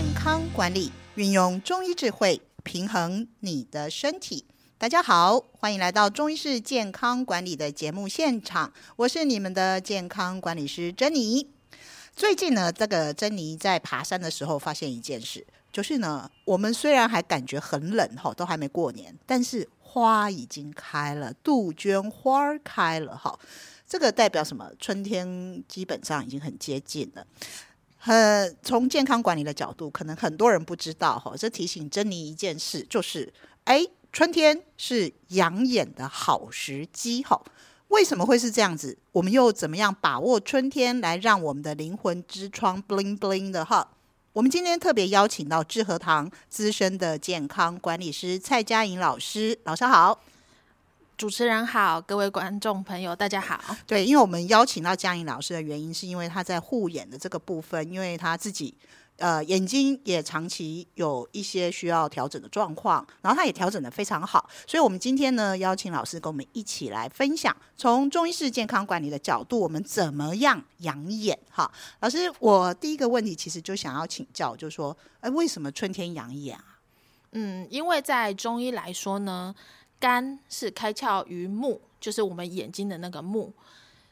健康管理運用中醫智慧平衡你的身體。大家好，歡迎來到中醫式健康管理的節目現場，我是你們的健康管理師珍妮。最近呢，這個珍妮在爬山的時候發現一件事，就是呢，我們雖然還感覺很冷哈，都還沒過年，但是花已經開了，杜鵑花開了哈，這個代表什麼？春天基本上已經很接近了。呃，從健康管理的角度，可能很多人不知道哈。這、哦、提醒珍妮一件事，就是，哎，春天是養眼的好時機哈、哦。為什麼會是這樣子？我們又怎麼樣把握春天來讓我們的靈魂之窗 bling bling 的哈、哦？我們今天特別邀請到智和堂資深的健康管理師蔡佳穎老師，老師好。主持人好，各位觀眾朋友，大家好。對，因為我們邀請到佳穎老師的原因，是因為他在護眼的這個部分，因為他自己呃眼睛也長期有一些需要調整的狀況，然後他也調整得非常好，所以我們今天呢邀請老師跟我們一起來分享，從中醫式健康管理的角度，我們怎麼樣養眼？哈，老師，我第一個問題其實就想要請教，就是說，誒、欸，為什麼春天養眼啊？嗯，因為在中醫來說呢。肝是開竅於目，就是我們眼睛的那個目，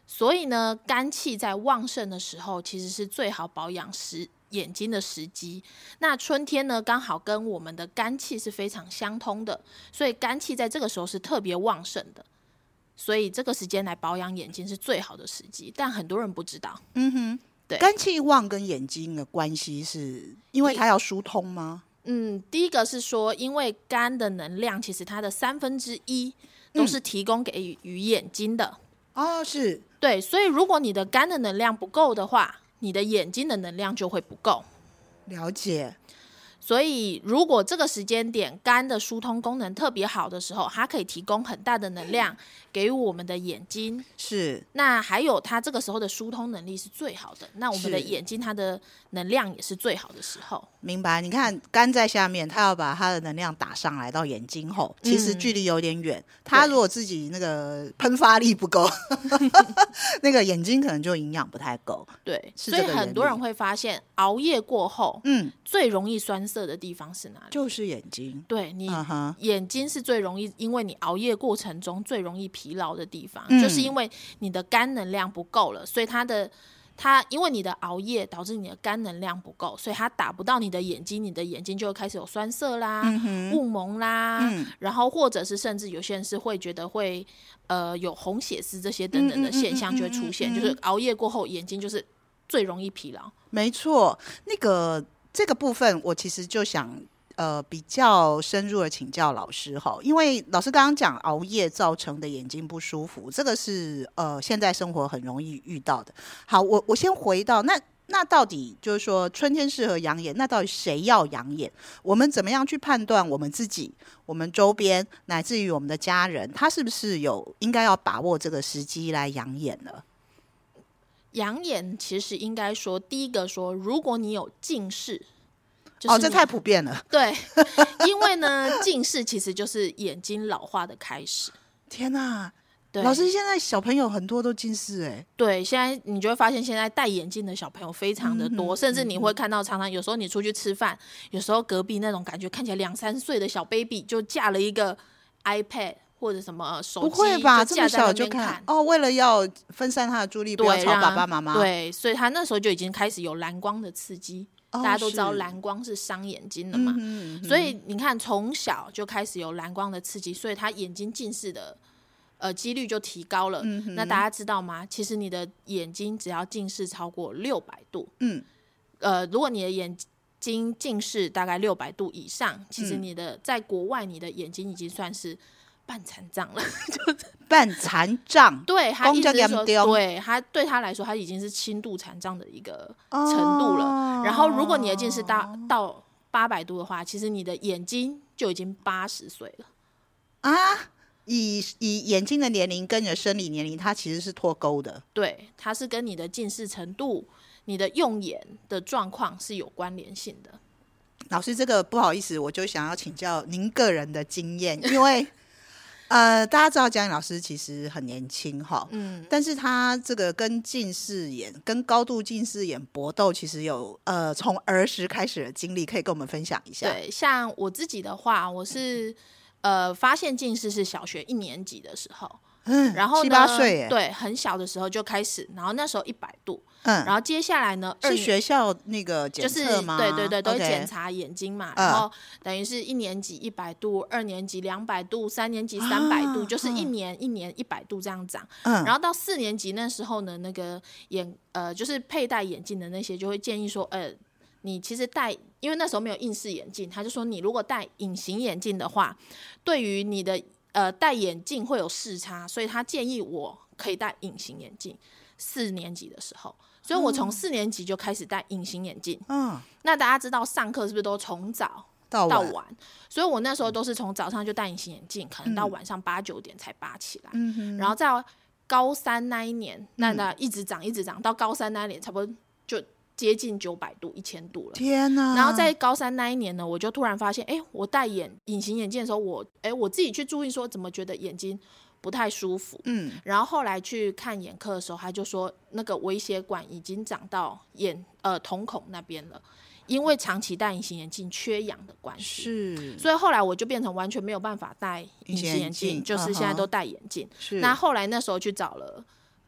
所以呢，肝氣在旺盛的時候，其實是最好保養時眼睛的時機。那春天呢，剛好跟我們的肝氣是非常相通的，所以肝氣在這個時候是特別旺盛的，所以這個時間來保養眼睛是最好的時機。但很多人不知道，嗯哼，對，肝氣旺跟眼睛的關係是因為它要疏通嗎？嗯嗯，第一個是說，因為肝的能量其實它的三分之一都是提供給予眼睛的。哦、嗯，是對，所以如果你的肝的能量不夠的話，你的眼睛的能量就會不夠。了解。所以，如果這個時間點肝的疏通功能特別好的時候，它可以提供很大的能量給我們的眼睛。是。那還有，它這個時候的疏通能力是最好的。那我們的眼睛，它的能量也是最好的時候。明白？你看，肝在下面，它要把它的能量打上來到眼睛後，其實距離有點遠。嗯、它如果自己那個噴發力不夠， 那個眼睛可能就營養不太夠。對是。所以很多人會發現，熬夜過後，嗯，最容易酸。色的地方是哪裡？就是眼睛。對，你眼睛是最容易，因為你熬夜過程中最容易疲勞的地方，嗯、就是因為你的肝能量不夠了，所以它的它，因為你的熬夜導致你的肝能量不夠，所以它打不到你的眼睛，你的眼睛就會開始有酸澀啦、霧、嗯、蒙啦、嗯，然後或者是甚至有些人是會覺得會呃有紅血絲這些等等的現象就會出現嗯、嗯、嗯、嗯、嗯、嗯、嗯、嗯，就是熬夜過後眼睛就是最容易疲勞。沒錯，那個。這個部分我其實就想，呃，比較深入的請教老師哈，因為老師剛剛講熬夜造成的眼睛不舒服，這個是呃現在生活很容易遇到的。好，我我先回到那那到底就是說春天適合養眼，那到底誰要養眼？我們怎麼樣去判斷我們自己、我們周邊乃至於我們的家人，他是不是有應該要把握這個時機來養眼呢？養眼其實應該說，第一個說，如果你有近視，就是、哦，這太普遍了。對，因為呢， 近視其實就是眼睛老化的開始。天哪，對老師，現在小朋友很多都近視哎、欸。對，現在你就會發現，現在戴眼鏡的小朋友非常的多，嗯嗯、甚至你會看到，常常有時候你出去吃飯，有時候隔壁那種感覺，看起來兩三歲的小 baby 就架了一個 iPad。或者什麼手機，就在那這麼小就看哦？為了要分散他的注意力，對，不要吵爸爸媽媽，對，所以他那時候就已經開始有藍光的刺激。哦、大家都知道藍光是傷眼睛的嘛，嗯哼嗯哼，所以你看從小就開始有藍光的刺激，所以他眼睛近視的呃幾率就提高了、嗯。那大家知道嗎？其實你的眼睛只要近視超過六百度，嗯，呃，如果你的眼睛近視大概六百度以上，其實你的、嗯、在國外你的眼睛已經算是。半殘障了，半殘障， 半殘障。對他一直說，對他對他來說，他已經是輕度殘障的一個程度了、哦。然後，如果你的近視達到八百度的話，其實你的眼睛就已經八十歲了啊！以以眼睛的年齡跟你的生理年齡，它其實是脫鈎的。對，它是跟你的近視程度、你的用眼的狀況是有關聯性的。老師，這個不好意思，我就想要請教您個人的經驗，因為。 呃，大家知道江穎老師其實很年輕哈，嗯，但是他這個跟近視眼，跟高度近視眼搏鬥，其實有呃從兒時開始的經歷，可以跟我們分享一下？對，像我自己的話，我是呃發現近視是小學一年級的時候，嗯，然後呢七八歲，對，很小的時候就開始，然後那時候一百度。嗯，然後接下來呢？是學校那個檢測嗎？就是、對對對，都會檢查眼睛嘛。Okay. 然後等於是一年級一百度，二年級兩百度，三年級三百度，啊，就是一年、嗯、一年一百度這樣漲，嗯。然後到四年級那時候呢，那個眼呃就是佩戴眼鏡的那些就會建議說，呃，你其實戴，因為那時候沒有硬式眼鏡，他就說你如果戴隱形眼鏡的話，對於你的呃戴眼鏡會有視差，所以他建議我可以戴隱形眼鏡。四年級的時候。所以，我從四年級就開始戴隱形眼鏡。嗯，那大家知道上課是不是都從早到晚、到晚？所以我那時候都是從早上就戴隱形眼鏡、嗯，可能到晚上八九點才拔起來。嗯，然後在高三那一年，那那一直長一直長，嗯、到高三那一年差不多就接近九百度、一千度了。天哪！然後在高三那一年呢，我就突然發現，哎、欸，我戴眼隱形眼鏡的時候，我哎、欸、我自己去注意說，怎麼覺得眼睛。不太舒服，嗯，然後後來去看眼科的時候，他就說那個微血管已經長到眼呃瞳孔那邊了，因為長期戴隱形眼鏡缺氧的關係，是，所以後來我就變成完全沒有辦法戴隱形眼鏡，隱形眼鏡，就是現在都戴眼鏡。是、嗯，那後來那時候去找了，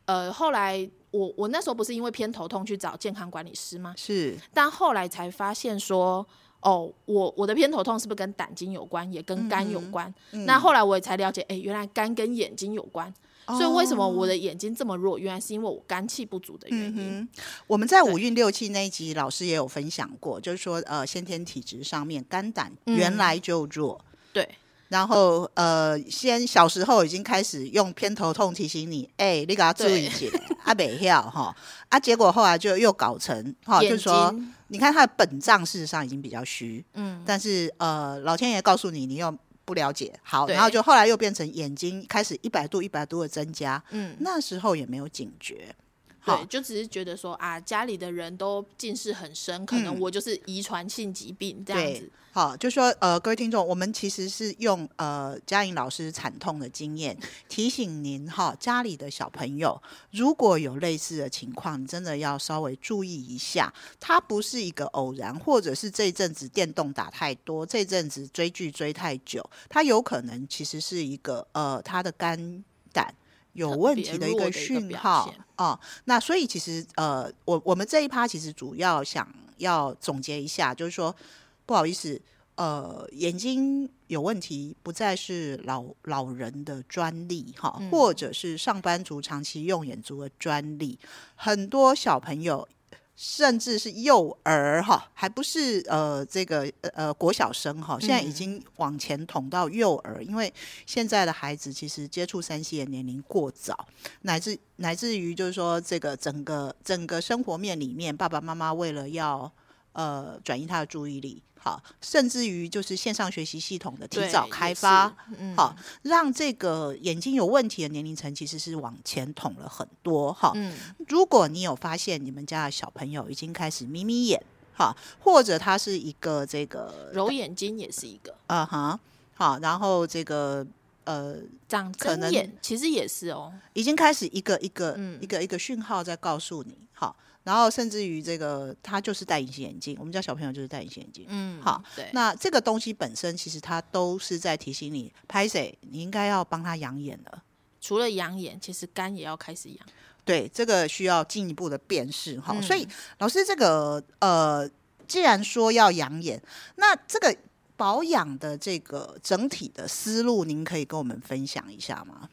呃，後來我我那時候不是因為偏頭痛去找健康管理師嗎？是，但後來才發現說。哦，我我的偏頭痛是不是跟膽經有關，也跟肝有關？嗯嗯、那後來我也才了解，哎、欸，原來肝跟眼睛有關、哦，所以為什麼我的眼睛這麼弱？原來是因為我肝氣不足的原因。嗯、我們在五運六氣那一集，老師也有分享過，就是說，呃，先天體質上面肝膽原來就弱。嗯、對。然後，呃，先小時候已經開始用偏頭痛提醒你，哎、欸，你給他注意一些，啊，沒效，齁，啊，結果後來就又搞成哈，就是說，你看他的本賬事實上已經比較虛，嗯，但是呃，老天爺告訴你，你又不了解，好，然後就後來又變成眼睛開始一百度一百度的增加，嗯，那時候也沒有警覺。對，就只是覺得說啊，家裡的人都近視很深，可能我就是遺傳性疾病這樣子。嗯、好，就說呃，各位聽眾，我們其實是用呃，嘉穎老師慘痛的經驗提醒您哈，家裡的小朋友如果有類似的情況，真的要稍微注意一下，它不是一個偶然，或者是這陣子電動打太多，這陣子追劇追太久，它有可能其實是一個呃，他的肝。有問題的一個訊號啊，哦，那所以其實呃，我我們這一趴其實主要想要總結一下，就是說不好意思，呃，眼睛有問題不再是老老人的專利哈，哦，或者是上班族長期用眼族的專利，嗯，很多小朋友。甚至是幼兒哈，還不是呃這個呃國小生哈，現在已經往前捅到幼兒，嗯、因為現在的孩子其實接觸三 C 的年齡過早，乃至乃至於就是說這個整個整個生活面裡面，爸爸媽媽為了要。呃，轉移他的注意力，好，甚至於就是線上學習系統的提早開發、嗯，好，讓這個眼睛有問題的年齡層其實是往前捅了很多，哈。嗯，如果你有發現你們家的小朋友已經開始眯眯眼，哈，或者他是一個這個揉眼睛也是一個，啊、呃、哈，好，然後這個呃，長針眼可能其實也是哦，已經開始一個一個、嗯、一個一個訊號在告訴你，好。然後甚至於這個他就是戴隱形眼鏡，我們家小朋友就是戴隱形眼鏡。嗯，好，那這個東西本身其實它都是在提醒你，拍謝你應該要幫他養眼了。除了養眼，其實肝也要開始養。對，這個需要進一步的辨識哈、嗯。所以老師，這個呃，既然說要養眼，那這個保養的這個整體的思路，您可以跟我們分享一下嗎？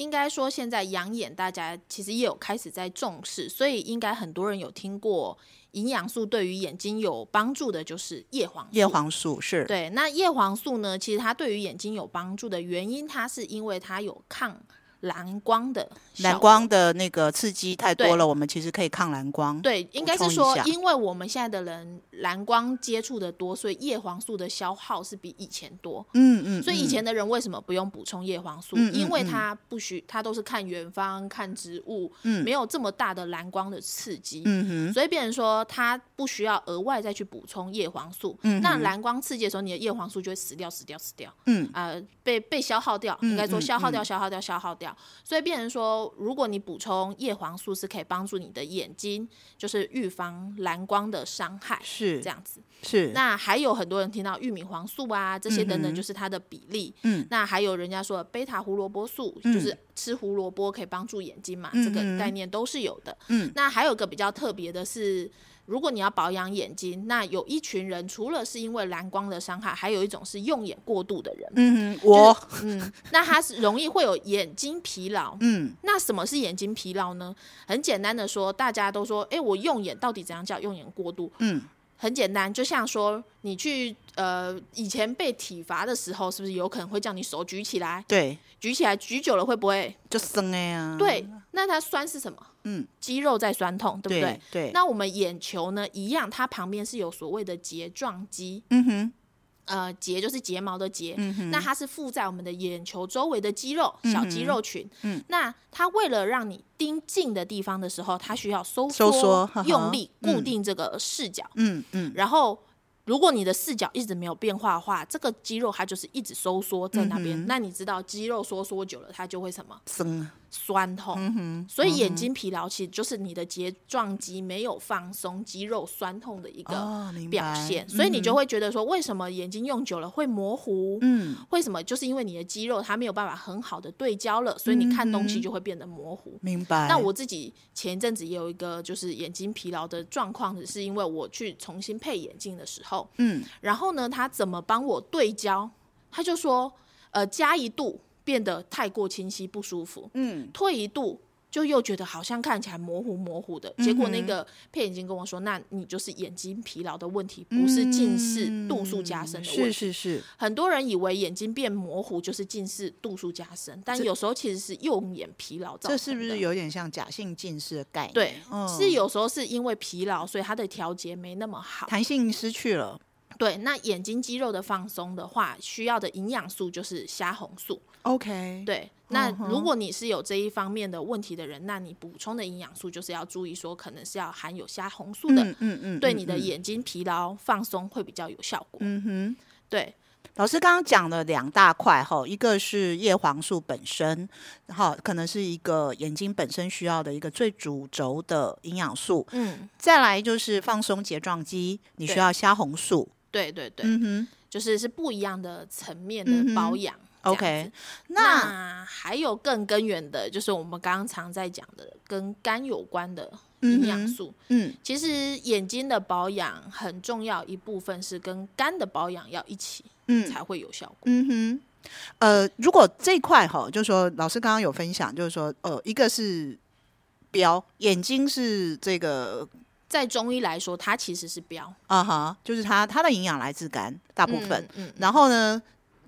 應該說，現在養眼大家其實也有開始在重視，所以應該很多人有聽過營養素對於眼睛有幫助的，就是葉黃素。葉黃素，是。對，那葉黃素呢？其實它對於眼睛有幫助的原因，它是因為它有抗。藍光的藍光的那個刺激太多了，我們其實可以抗藍光。對，應該是說，因為我們現在的人藍光接觸的多，所以葉黃素的消耗是比以前多。嗯嗯。所以以前的人為什麼不用補充葉黃素？因為他不需，他都是看遠方、看植物，沒有這麼大的藍光的刺激。嗯哼。所以變成說他不需要額外再去補充葉黃素。那藍光刺激的時候，你的葉黃素就會死掉、死掉、死掉。嗯。啊，被被消耗掉，應該說消耗掉、消耗掉、消耗掉。所以變成說，如果你補充葉黃素是可以幫助你的眼睛，就是預防藍光的傷害，是這樣子。是。那還有很多人聽到玉米黃素啊這些等等，就是它的比例。嗯，那還有人家說的貝塔胡蘿蔔素，就是吃胡蘿蔔可以幫助眼睛嘛、嗯，這個概念都是有的。嗯，那還有一個比較特別的是。如果你要保養眼睛，那有一群人，除了是因為藍光的傷害，還有一種是用眼過度的人。嗯，我，就是、 嗯，那他是容易會有眼睛疲勞。嗯，那什麼是眼睛疲勞呢？很簡單的說，大家都說，哎、欸，我用眼到底怎樣叫用眼過度？嗯。很簡單，就像說你去呃以前被體罰的時候，是不是有可能會叫你手舉起來？對，舉起來舉久了會不會就酸了呀？對，那它酸是什麼？嗯，肌肉在酸痛，對不對？對。對那我們眼球呢？一樣，它旁邊是有所謂的睫狀肌。嗯哼。呃，睫就是睫毛的睫，嗯，那它是附在我們的眼球周圍的肌肉，嗯，小肌肉群。嗯，那它為了讓你盯近的地方的時候，它需要收縮用力固定這個視角。嗯嗯，然後如果你的視角一直沒有變化的話，這個肌肉它就是一直收縮在那邊，嗯。那你知道肌肉收縮久了，它就會什麼？生。酸痛、嗯，所以眼睛疲勞其實就是你的睫狀肌沒有放鬆，肌肉酸痛的一個表現，哦、所以你就會覺得說，為什麼眼睛用久了會模糊？嗯，為什麼？就是因為你的肌肉它沒有辦法很好的對焦了，所以你看東西就會變得模糊。嗯、明白。那我自己前一陣子也有一個就是眼睛疲勞的狀況，是因為我去重新配眼鏡的時候，嗯，然後呢，他怎麼幫我對焦？他就說，呃，加一度。變得太過清晰不舒服，嗯，退一度就又覺得好像看起來模糊模糊的。嗯、結果那個配眼鏡跟我說，那你就是眼睛疲勞的問題、嗯，不是近視度數加深的問題、嗯。是是是，很多人以為眼睛變模糊就是近視度數加深，但有時候其實是用眼疲勞造成的。這是不是有點像假性近視的概念？對，嗯、是有時候是因為疲勞，所以它的調節沒那麼好，彈性失去了。對，那眼睛肌肉的放鬆的話，需要的營養素就是蝦紅素。OK，對、嗯。那如果你是有這一方面的問題的人，那你補充的營養素就是要注意說，可能是要含有蝦紅素的，嗯嗯，嗯，對你的眼睛疲勞放鬆會比較有效果。嗯哼，對。老師剛剛講了兩大塊哈，一個是葉黃素本身，然後可能是一個眼睛本身需要的一個最主軸的營養素。嗯，再來就是放鬆睫狀肌，你需要蝦紅素。對對對、嗯，就是是不一樣的層面的保養、嗯，OK 那，那還有更根源的，就是我們剛剛常在講的跟肝有關的營養素，嗯，嗯，其實眼睛的保養很重要一部分是跟肝的保養要一起，嗯，才會有效果，嗯哼。呃，如果這一塊哈，就是說老師剛剛有分享，就是說，呃，一個是標，眼睛是這個。在中醫來說，它其實是標啊哈，uh -huh, 就是它它的營養來自肝大部分，嗯嗯，然後呢，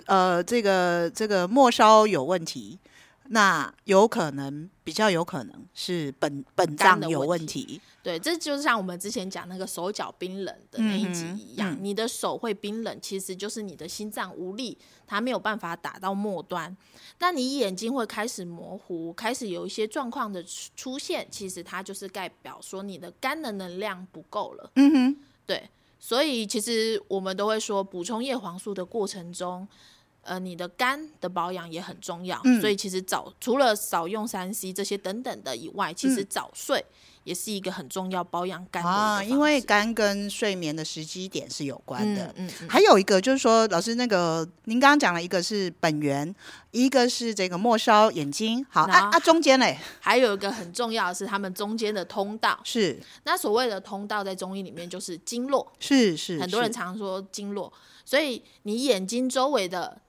呃，這個這個末梢有問題。那有可能，比較有可能是本本臟有問題,肝的問題。對，這就是像我們之前講那個手腳冰冷的那一集一樣、嗯嗯，你的手會冰冷，其實就是你的心臟無力，它沒有辦法打到末端。那你眼睛會開始模糊，開始有一些狀況的出現，其實它就是代表說你的肝的能量不夠了。嗯哼，對，所以其實我們都會說，補充葉黃素的過程中。呃，你的肝的保養也很重要，嗯、所以其實早除了少用三 C 這些等等的以外，其實早睡也是一個很重要的保養肝的啊，因為肝跟睡眠的時機點是有關的。嗯，嗯，嗯還有一個就是說，老師那個您剛剛講了一個是本源，一個是這個末梢眼睛，好，那、啊、中間嘞，還有一個很重要的是他們中間的通道。是。那所謂的通道在中醫裡面就是經絡。是是，是。很多人常說經絡，所以你眼睛周圍的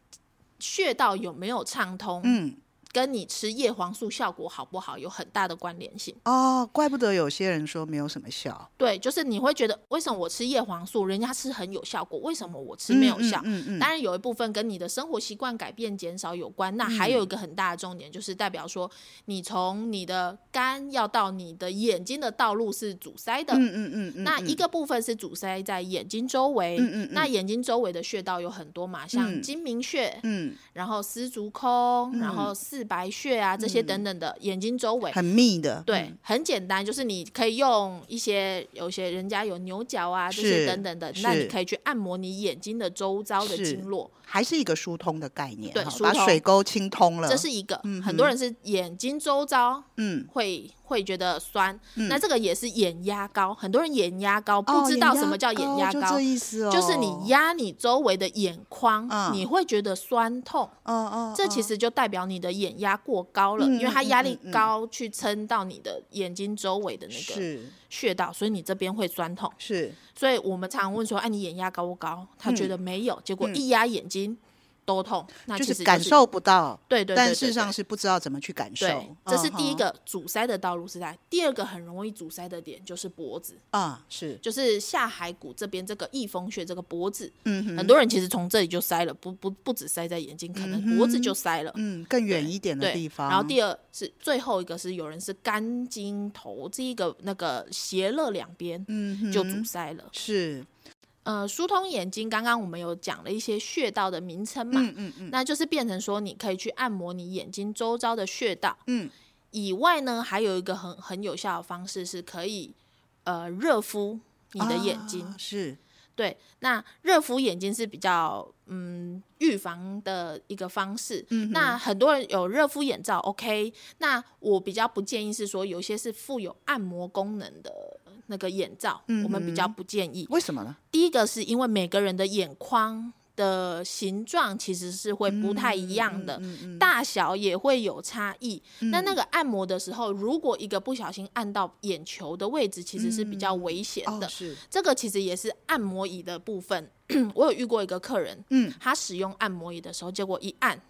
穴道有沒有暢通？嗯。跟你吃葉黃素效果好不好有很大的關聯性哦，oh, 怪不得有些人說沒有什麼效。對，就是你會覺得為什麼我吃葉黃素，人家吃很有效果，為什麼我吃沒有效？嗯嗯、嗯、嗯當然有一部分跟你的生活習慣改變減少有關、嗯。那還有一個很大的重點，就是代表說，你從你的肝要到你的眼睛的道路是阻塞的。嗯嗯嗯、嗯。那一個部分是阻塞在眼睛周圍。嗯嗯、嗯。那眼睛周圍的穴道有很多嘛，像睛明穴，嗯，嗯然後絲竹空、嗯，然後四。白血啊，這些等等的，嗯、眼睛周圍很密的，對、嗯，很簡單，就是你可以用一些有些人家有牛角啊，這些等等的，那你可以去按摩你眼睛的周遭的經絡，是還是一個疏通的概念，對，疏通把水溝清通了，這是一個，嗯，很多人是眼睛周遭，嗯，會。會覺得酸、嗯，那這個也是眼壓高。很多人眼壓高、哦、不知道什麼叫眼壓高、就這意思哦，就是你壓你周圍的眼眶，嗯、你會覺得酸痛、嗯嗯嗯。這其實就代表你的眼壓過高了、嗯嗯嗯嗯，因為它壓力高去撐到你的眼睛周圍的那個穴道，所以你這邊會酸痛。是，所以我們常問說，哎、嗯啊，你眼壓高不高？他覺得沒有，嗯、結果一壓眼睛。嗯都痛，那其實，就是，就是感受不到。對對，對，對，對，對，但事實上是不知道怎麼去感受。這是第一個，uh -huh、阻塞的道路是在第二個很容易阻塞的點就是脖子啊，uh, 是就是下頜骨這邊這個翳風穴這個脖子，嗯，很多人其實從這裡就塞了，不不不止塞在眼睛，可能脖子就塞了，嗯，更遠一點的地方。然後第二是最後一個是有人是肝經頭這一個那個斜勒兩邊，嗯，就阻塞了，嗯、是。呃、嗯，疏通眼睛，剛剛我們有講了一些穴道的名稱嘛，嗯嗯，嗯，那就是變成說你可以去按摩你眼睛周遭的穴道，嗯，以外呢，還有一個很很有效的方式是可以呃熱敷你的眼睛，啊，是，對，那熱敷眼睛是比較嗯預防的一個方式，嗯，那很多人有熱敷眼罩，OK，那我比較不建議是說有些是附有按摩功能的。那個眼罩、嗯，我們比較不建議。為什麼呢？第一個是因為每個人的眼眶的形狀其實是會不太一樣的，嗯嗯嗯嗯、大小也會有差異、嗯。那那個按摩的時候，如果一個不小心按到眼球的位置，其實是比較危險的、嗯哦是。這個其實也是按摩椅的部分。 我有遇過一個客人，嗯，他使用按摩椅的時候，結果一按，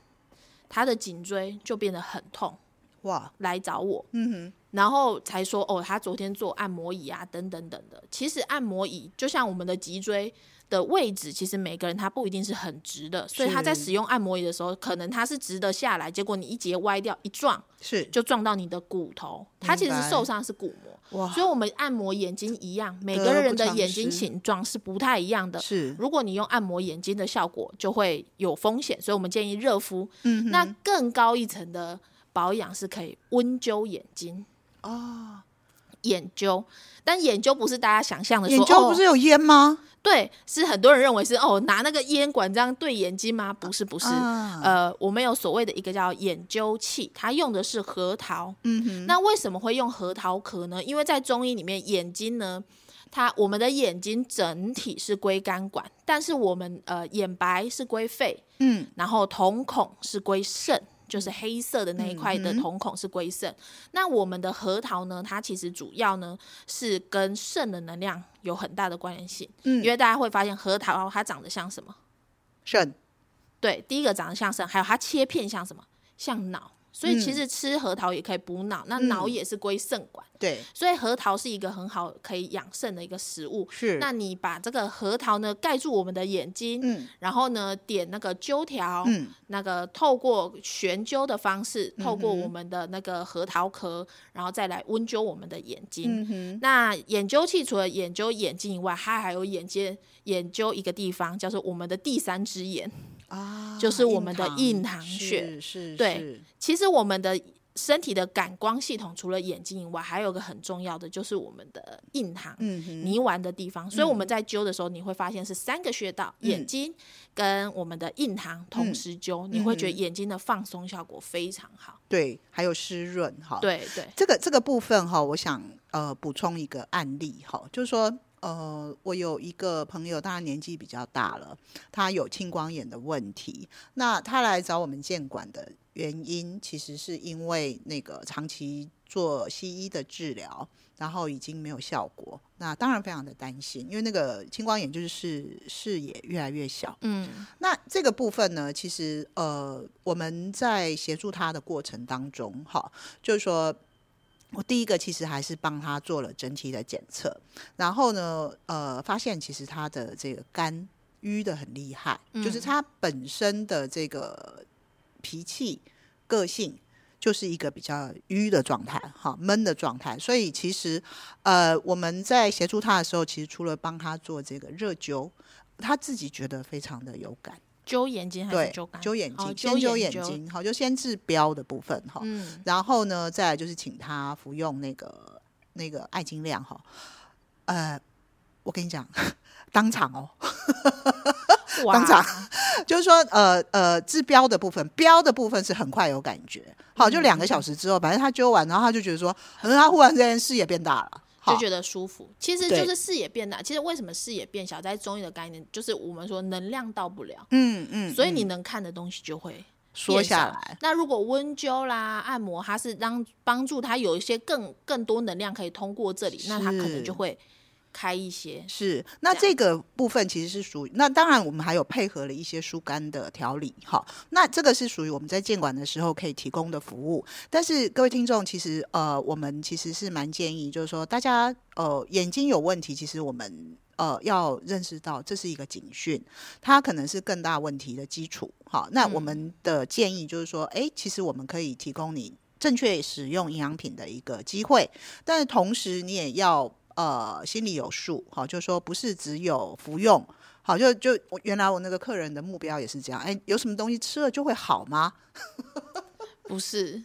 他的頸椎就變得很痛。哇，來找我。嗯哼然後才說哦，他昨天做按摩椅啊，等等等等的。其實按摩椅就像我們的脊椎的位置，其實每個人他不一定是很直的，所以他在使用按摩椅的時候，可能他是直的下來，結果你一節歪掉一撞，是就撞到你的骨頭，他其實是受傷是骨膜。所以我們按摩眼睛一樣，每個人的眼睛形狀是不太一樣的。是、呃，如果你用按摩眼睛的效果就會有風險，所以我們建議熱敷。嗯，那更高一層的保養是可以溫灸眼睛。啊、哦，眼灸，但眼灸不是大家想象的。眼灸不是有煙嗎？哦，對，是很多人認為是哦，拿那個煙管這樣對眼睛嗎？不是，不是。啊、呃，我們有所謂的一個叫眼灸器，它用的是核桃。嗯哼，那為什麼會用核桃殼呢？因為在中醫裡面，眼睛呢，它我們的眼睛整體是歸肝管，但是我們呃眼白是歸肺，嗯，然後瞳孔是歸腎。就是黑色的那一塊的瞳孔是歸腎、嗯。那我們的核桃呢？它其實主要呢是跟腎的能量有很大的關係。嗯，因為大家會發現核桃它長得像什麼？腎。對，第一個長得像腎，還有它切片像什麼？像腦。所以其實吃核桃也可以補腦，嗯、那腦也是歸腎管、嗯，對，所以核桃是一個很好可以養腎的一個食物。是，那你把這個核桃呢蓋住我們的眼睛，嗯，然後呢點那個灸條，嗯，那個透過懸灸的方式嗯嗯，透過我們的那個核桃殼，然後再來溫灸我們的眼睛。嗯嗯，那研究器除了研究眼睛以外，它還有眼睛研究一個地方，叫做我們的第三隻眼。啊，就是我們的印堂穴，是，是，對，是，其實我們的身體的感光系統除了眼睛以外，還有一個很重要的，就是我們的印堂、嗯，泥丸的地方。所以我們在灸的時候、嗯，你會發現是三個穴道，嗯、眼睛跟我們的印堂同時灸、嗯，你會覺得眼睛的放鬆效果非常好，嗯、對，還有濕潤，哈，對對，這個這個部分哈，我想呃補充一個案例，哈，就是說。呃，我有一個朋友，當然年紀比較大了，他有青光眼的問題。那他來找我們健管的原因，其實是因為那個長期做西醫的治療，然後已經沒有效果。那當然非常的擔心，因為那個青光眼就是視野越來越小。嗯，那這個部分呢，其實呃，我們在協助他的過程當中，哈，就是說。我第一個其實還是幫他做了整體的檢測，然後呢，呃，發現其實他的這個肝鬱的很厲害，嗯，就是他本身的這個脾氣個性就是一個比較鬱的狀態，哈，悶的狀態。所以其實，呃，我們在協助他的時候，其實除了幫他做這個熱灸，他自己覺得非常的有感。揪眼睛還是揪肝？揪眼睛、哦，先揪眼睛，揪眼揪好，就先治標的部分哈、嗯。然後呢，再來就是請他服用那個那個艾精量哈。呃，我跟你講，當場哦， 當場就是說，呃呃，治標的部分，標的部分是很快有感覺、嗯，好，就兩個小時之後，反正他揪完，然後他就覺得說，可能他忽然之間視野變大了。就覺得舒服，其實就是視野變大。其實為什麼視野變小？在中醫的概念，就是我們說能量到不了，嗯嗯，所以你能看的東西就會跌下來。那如果溫灸啦、按摩，它是讓幫助它有一些更更多能量可以通過這裡，那它可能就會。開一些是，那這個部分其實是屬於那，當然我們還有配合了一些疏肝的調理哈，那這個是屬於我們在健管的時候可以提供的服務。但是各位聽眾，其實呃我們其實是蠻建議，就是說大家呃眼睛有問題，其實我們呃要認識到這是一個警訊，它可能是更大問題的基礎。好，那我們的建議就是說，哎、嗯欸，其實我們可以提供你正確使用營養品的一個機會，但是同時你也要。呃，心裡有數，好，就是說不是只有服用，好，就就原來我那個客人的目標也是這樣，哎，有什麼東西吃了就會好嗎？ 不是，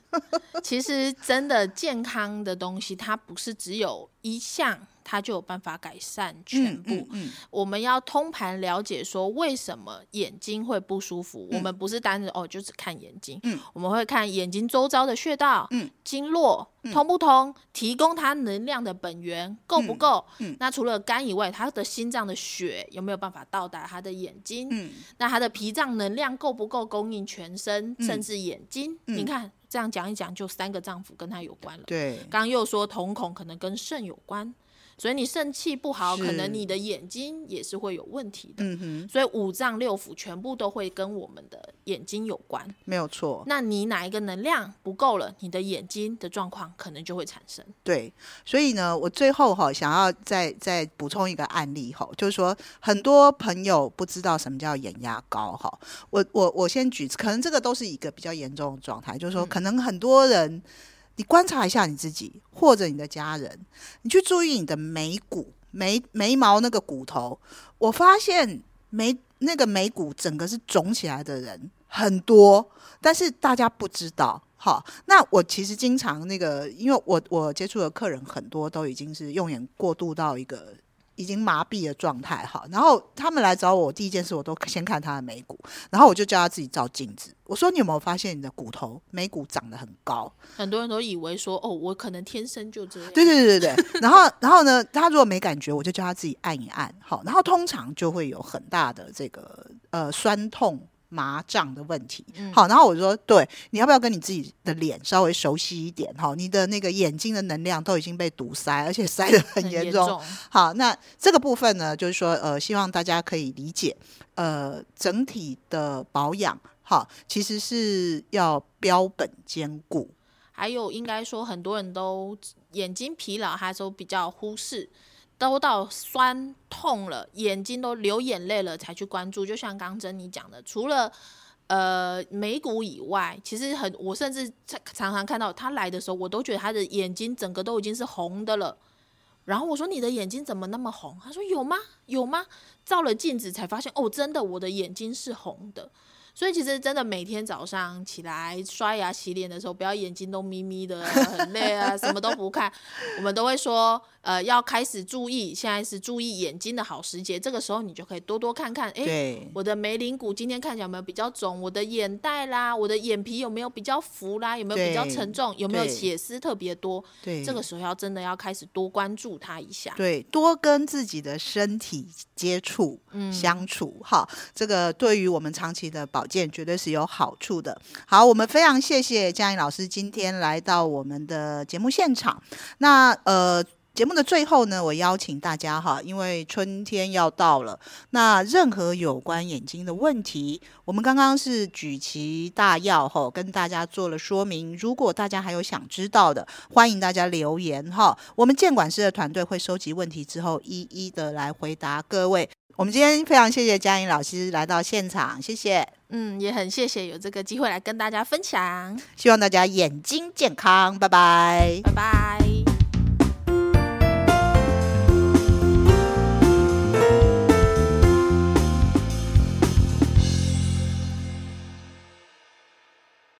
其實真的健康的東西，它不是只有。一項，它就有辦法改善全部。嗯嗯嗯、我們要通盤了解，說為什麼眼睛會不舒服。嗯、我們不是單哦，就只看眼睛、嗯。我們會看眼睛周遭的穴道、嗯、經絡通不通，嗯、提供它能量的本源夠不夠、嗯嗯。那除了肝以外，他的心臟的血有沒有辦法到達他的眼睛？嗯、那他的脾臟能量夠不夠供應全身、嗯，甚至眼睛？嗯、你看。這樣講一講，就三個臟腑跟它有關了。對，剛剛又說瞳孔可能跟腎有關。所以你腎氣不好，可能你的眼睛也是會有問題的。嗯哼。所以五臟六腑全部都會跟我們的眼睛有關，沒有錯。那你哪一個能量不夠了，你的眼睛的狀況可能就會產生。對，所以呢，我最後哈想要再再補充一個案例哈，就是說很多朋友不知道什麼叫眼壓高哈。我我我先舉，可能這個都是一個比較嚴重的狀態，就是說可能很多人。嗯你觀察一下你自己，或者你的家人，你去注意你的眉骨、眉眉毛那個骨頭。我發現眉那個眉骨整個是腫起來的人很多，但是大家不知道。好，那我其實經常那個，因為我我接觸的客人很多都已經是用眼過度到一個。已經麻痹的狀態，好，然後，他們來找我，我第一件事我都先看他的眉骨，然後我就叫他自己照鏡子。我說，你有沒有發現你的骨頭眉骨長得很高？很多人都以為說哦，我可能天生就這樣。對對對對 然後然後呢，他如果沒感覺，我就叫他自己按一按，好，然後通常就會有很大的這個呃酸痛。麻將的問題。嗯，好，然後我說，對，你要不要跟你自己的臉稍微熟悉一點？哈，你的那個眼睛的能量都已經被堵塞，而且塞得很嚴重，很嚴重。好，那這個部分呢，就是說，呃，希望大家可以理解。呃，整體的保養，好、呃，其實是要標本兼顧。還有，應該說很多人都眼睛疲勞，他都比較忽視。都到酸痛了，眼睛都流眼淚了才去關注。就像剛珍妮講的，除了呃眉骨以外，其實很我甚至常常看到他來的時候，我都覺得他的眼睛整個都已經是紅的了。然後我說：“你的眼睛怎麼那麼紅？”他說：“有嗎？有嗎？”照了鏡子才發現，哦，真的，我的眼睛是紅的。所以其實真的每天早上起來刷牙洗臉的時候，不要眼睛都眯眯的、啊、很累啊， 什麼都不看，我們都會說。呃，要開始注意，現在是注意眼睛的好時節。這個時候你就可以多多看看，哎、欸，我的眉稜骨今天看起來有沒有比較腫？我的眼袋啦，我的眼皮有沒有比較浮啦？有沒有比較沉重？有沒有血絲特別多？對，這個時候要真的要開始多關注它一下，對，多跟自己的身體接觸、相處哈、嗯。這個對於我們長期的保健絕對是有好處的。好，我們非常謝謝佳穎老師今天來到我們的節目現場。那呃。節目的最後呢，我邀請大家哈，因為春天要到了，那任何有關眼睛的問題，我們剛剛是舉其大要跟大家做了說明。如果大家還有想知道的，歡迎大家留言哈，我們健管師的團隊會收集問題之後，一一的來回答各位。我們今天非常謝謝嘉穎老師來到現場，謝謝，嗯，也很謝謝有這個機會來跟大家分享，希望大家眼睛健康，拜拜，拜拜。